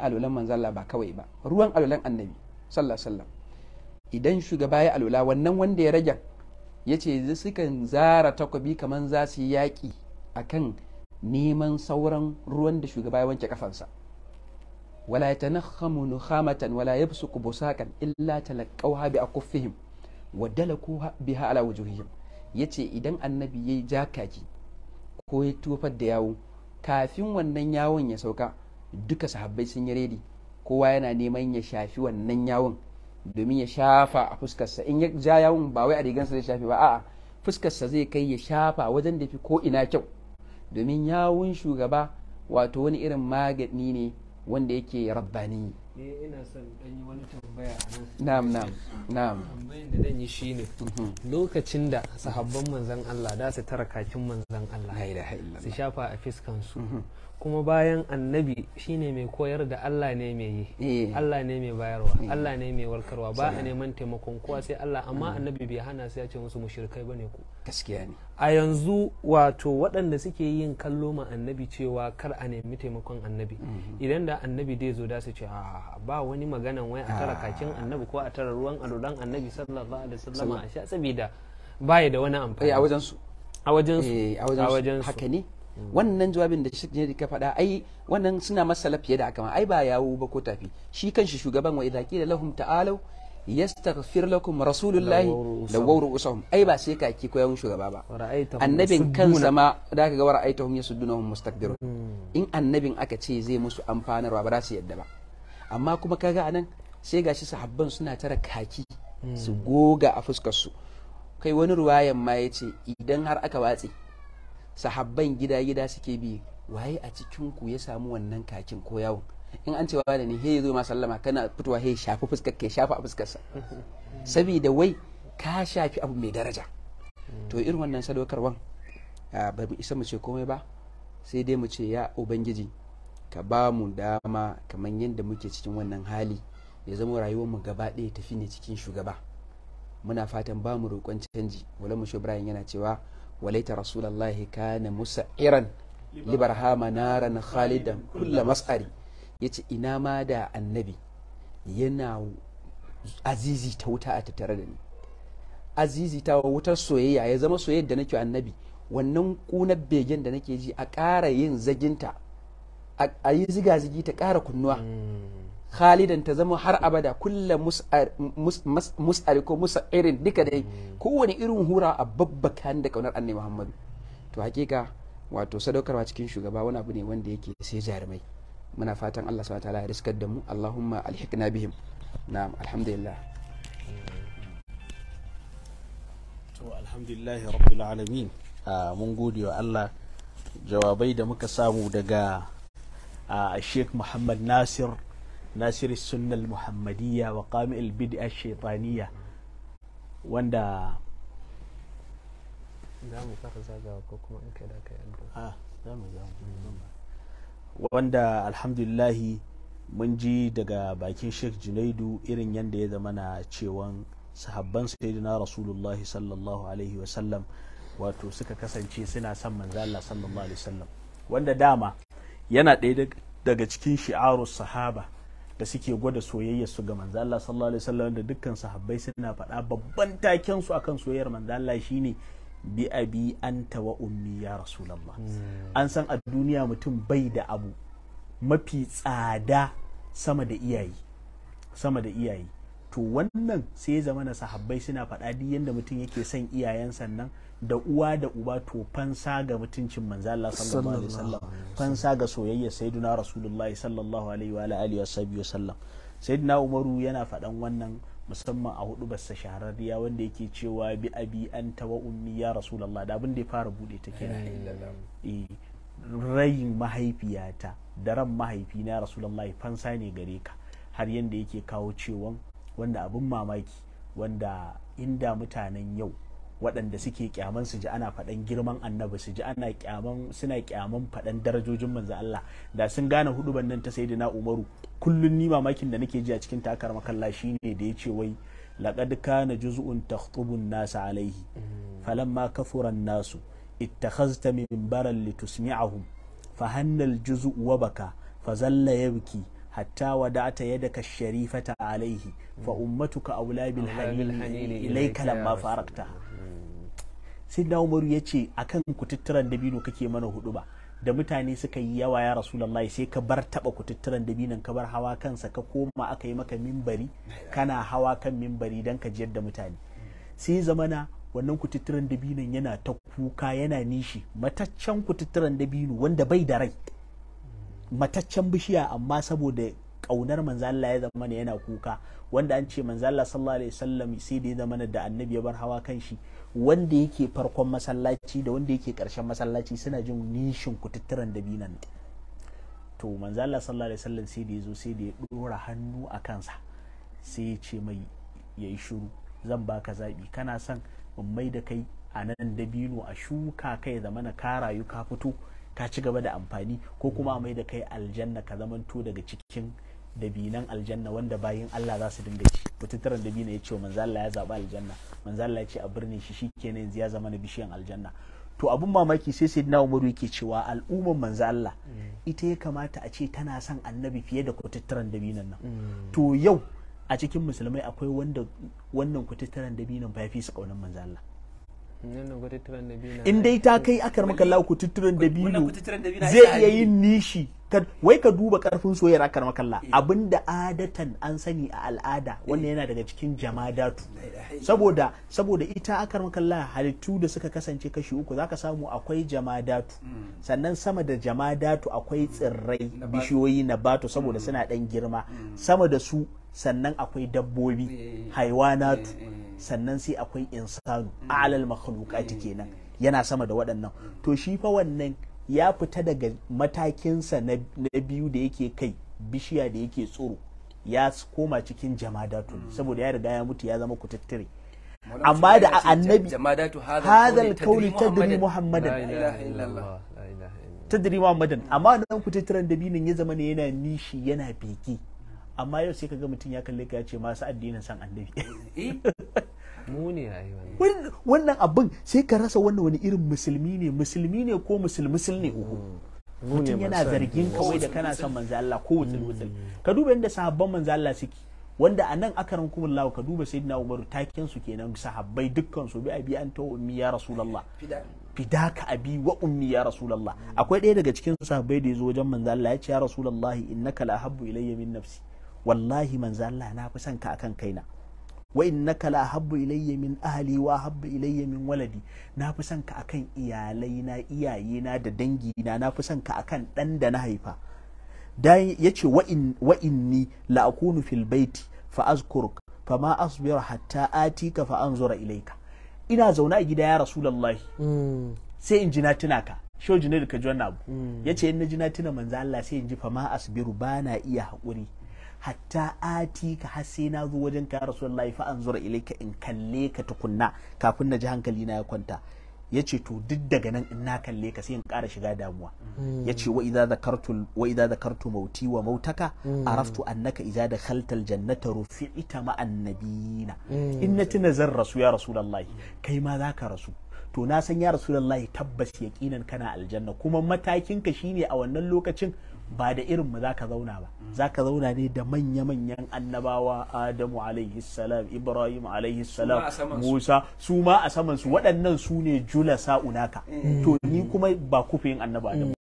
alolan manzala ba kawai ba ruwan alolan annabi sallallahu sallam idan shugaba ya alola wannan wanda ya rage yace ce sukan zara takwabi kamar za su yi yaƙi a kan neman sauran ruwan da shugaba ya wanke kafansa wala ya tanakhamu nukhamatan wala ya fusuku busakan illa talaqawha bi akuffihim wa dalaku biha ala wujuhihim yace idan annabi yayi jakaki ko ya tofar da yawo kafin wannan yawon ya sauka duka sahabbai sun yi redi kowa yana neman ya shafi wannan yawon domin ya shafa a fuskarsa in ya ja yawon ba wai a rigansa zai shafi ba a'a fuskarsa zai kai ya shafa wajen da fi ko ina kyau domin yawun shugaba wato wani irin magani ne wanda yake rabbani ne ina mhm. shine lokacin da sahabban manzon Allah da su tara kakin manzon Allah su shafa a fiskan su mhm. kuma bayan annabi shine mai koyar da Allah ne mai yi eh. Allah ne mai bayarwa eh. Allah ne mai warkarwa ba a neman taimakon kowa sai Allah amma mhm. annabi bai hana sai ya ce musu mushrikai bane ku gaskiya ne a yanzu wato waɗanda suke yin kallo ma annabi cewa kar a nemi taimakon annabi idan da annabi dai zo da su ce a ah, ba wani maganan wai a tara ah. kakin annabi ko a tara ruwan alulan annabi sallallahu alaihi wasallam a sha saboda baya da wani amfani eh, a wajen su a wajen su eh, a wajen su haka ne hmm. wannan jawabin da shi ne ka faɗa ai wannan suna masala fiye da haka ma ai ba yawo ba ko tafi shi kanshi shugaban wa idza qila lahum ta'alu yastaghfir lakum rasulullahi lawawru usahum ai ba sai kaki ko yawan shugaba ba annabin kansa ma da ka ga wara'aitahum yasuddunahum mustakbirun hmm. in annabin aka ce zai musu amfanarwa ba za su yadda ba amma kuma kaga anan sai gashi sahabban suna tara kaki hmm. su goga a fuskarsu. su kai wani ruwayan ma ya ce idan har aka watse sahabban gida gida suke bi waye a cikin ku ya samu wannan kakin ko yawon in an cewa da ni he zo ma sallama kana fitowa he shafi fuskar ke shafi a fuskarsa saboda wai ka shafi abu mai daraja to irin wannan sadaukarwan ah, ba mu isa mu ce komai ba sai dai mu ce ya ubangiji ka ba mu dama kamar yadda muke cikin wannan hali ya zama rayuwarmu gaba ɗaya tafi ne cikin shugaba muna fatan ba mu roƙon canji wala mu ibrahim yana cewa walaita rasulallahi kana musa'iran hama naran khalidan kulla mas'ari ce ina ma da annabi yana azizi ta wuta a tattare da ni azizi ta wutar soyayya ya zama soyayya da nake annabi wannan kunar begen da nake ji a ƙara yin zaginta a yi zigi ta ƙara kunnuwa khalidan ta zama har abada kulla mus'ari ko irin duka dai kowane irin hura a babba kan da kaunar annabi muhammadu to hakika wato sadaukarwa cikin shugaba wani abu ne wanda yake sai jarumai muna fatan Allah subhanahu wataala ya riskar da mu Allahumma alhiqna bihim na'am alhamdulillah to alhamdulillah rabbil alamin ah, mun gode wa Allah jawabai da muka samu daga a sheikh muhammad nasir nasir sunnal muhammadiyya wa qami bid'a shaitaniyya wanda wanda alhamdulillahi mun ji daga bakin sheikh junaidu irin yadda ya zama na cewan sahabban sayyidina rasulullahi sallallahu alaihi wasallam wato suka kasance suna son manzo Allah sallallahu alaihi wasallam wanda dama yana ɗaya daga cikin shi'aru sahaba da suke gwada soyayyar su ga manzo Allah sallallahu alaihi wasallam da dukkan sahabbai suna faɗa babban taken su akan soyayyar manzo Allah shine bi abi anta wa ummi ya rasulullah hmm. an san a duniya mutum bai da abu mafi tsada sama da iyaye sama da iyaye to wannan sai ya zama na sahabbai suna faɗa duk yadda mutum yake son iyayensa nan da uwa da uba to fansa ga mutuncin manzo Allah sallallahu alaihi wasallam fansa ga soyayya sayyidina rasulullahi sallallahu alaihi wa alihi wasallam sayyidina umaru yana faɗan wannan musamman a hudu bassa shahararriya wanda yake cewa bi abi an wa ummi ya rasulullah da abin da ya fara bude ta eh, rayin mahaifiyata da ran mahaifina rasulullahi fansa ne gare ka har yanda yake kawo cewan wanda abin mamaki wanda inda mutanen yau waɗanda suke kyaman su ji ana faɗan girman annabi su ji ana kyaman suna kyaman faɗan darajojin manzo Allah da sun gane hudu nan ta sayyidina Umaru kullun ni mamakin da nake ji a cikin takar makalla shine da ya ce wai laqad kana juz'un takhtubun nasu alaihi falamma kathura nasu ittakhazta min baral litusmi'ahum fa hanna juzu yabki hatta wada'ata yadaka sharifata alaihi fa hmm. ummatuka aula bil hanini ilayka lamma farakta sai da umaru ya ce akan kututturan dabino kake mana hudu ba da mutane suka yi yawa ya rasulullahi sai ka bar taba kututturan dabinan ka bar hawa kansa ka koma aka yi maka mimbari kana hawa kan mimbari dan ka jiyar da mutane sai zamana wannan kututturan dabino yana ta kuka yana nishi mataccen kututturan dabino wanda bai da rai mataccen bishiya amma saboda kaunar manzala ya zama ne yana kuka wanda an ce manzala sallallahu alaihi wasallam sai da ya zama da annabi ya bar hawa kan shi wanda yake farkon masallaci da wanda yake karshen masallaci suna jin nishin kututturan dabinan to manzala sallallahu alaihi wasallam sai da ya zo sai da ya dora hannu a kansa sai ya ce mai yayi shiru zan baka zabi kana son in mai da kai a nan dabino a shuka kai zamana ka rayu ka fito ka ci gaba da amfani ko kuma mai da kai aljanna ka zamanto daga cikin dabinan aljanna wanda bayin Allah za su dinga ci mutuntaran dabina ya ce wa Allah ya zaba aljanna Manzala ya ce a birni shi shikenan yanzu ya zama na bishiyan aljanna to abun mamaki sai sayyidina Umaru yake cewa al'umman manzo Allah mm. ita ya kamata a ce tana son annabi fiye da kututturan dabinan nan mm. to yau a cikin musulmai akwai wannan kututturan dabinan ba ya fi su kaunar manzo Allah in dai ta kai akar maka lauku da dabino zai iya yin nishi wai ka duba karfin soyayyar akar maka da eh. abinda adatan an sani a al'ada wannan eh. yana daga cikin jamadatu saboda saboda ita akar maka halittu da suka kasance kashi uku zaka samu akwai jamadatu hmm. sannan sama da jamadatu akwai tsirrai bishiyoyi na bato saboda hmm. suna dan girma hmm. sama da su sannan akwai dabbobi eh, eh, haiwanatu eh, sannan sai akwai insanu alal makhluqati kenan yana sama da waɗannan hmm. to shi fa wannan ya fita daga matakinsa na biyu da yake kai bishiya da yake tsoro ya koma cikin jamadatu hmm. saboda ya riga ya mutu ya zama kutattire amma da annabi hadal kauli tadri muhammadan tadri muhammadan amma nan kutattiren dabinin ya zama ne yana nishi yana beki amma yau sai kaga mutum ya kalle ka ya ce masu addinin san annabi eh, eh. mu ne wannan abin sai ka rasa wannan wani irin musulmi ne musulmi ne ko musulmusul ne uku mm. mutum yana zargin kawai da kana son manzo Allah ko wutsul mm. wutsul ka duba yadda sahabban manzo Allah suke wanda a nan akaran kumullah ka duba sayyidina umaru takin su kenan sahabbai dukkan su bi abi anta ummi ya rasulullah fidaka abi wa ummi ya rasulullah akwai ɗaya daga cikin sahabbai da zo wajen manzo Allah ya ce ya rasulullah innaka la habbu ilayya min nafsi wallahi manzo Allah na fi son ka akan kaina wa innaka la habbu ilayya min ahli wa habbu ilayya min waladi na fi son ka akan iyalai na iyaye na da dangi na na fi son ka akan dan da na haifa dan yace wa in wa inni la akunu fil baiti fa azkuruk fa ma asbir hatta atika fa anzura ilayka ina zauna a gida ya rasulullahi mm. sai in ji na tuna ka shoji ne da ka ji wannan abu mm. yace in na ji na tuna manzo Allah sai in ji fa ma asbiru bana iya haƙuri hatta ati ka har sai na zo wajen ka rasulullahi fa anzura ilayka in kalle ka tukunna kafin na ji hankali na ya kwanta ya ce to duk daga nan in na kalle ka sai in ƙara shiga damuwa mm. ya ce wa idza zakartu wa mauti wa mautaka mm. araftu annaka idza jannata rufi ita ma annabiyina mm. in na tuna zan rasu ya rasulullahi kai ma zaka rasu to na san ya rasulullahi tabbas yaqinan kana aljanna kuma matakin ka shine a wannan lokacin ba da irin mu ka zauna ba za ka zauna ne da manya manyan annabawa Adamu alaihi salam Ibrahim alaihi salam Musa su ma a samansu waɗannan su ne julasa unaka eh. to ni kuma ba kufin annaba Adamu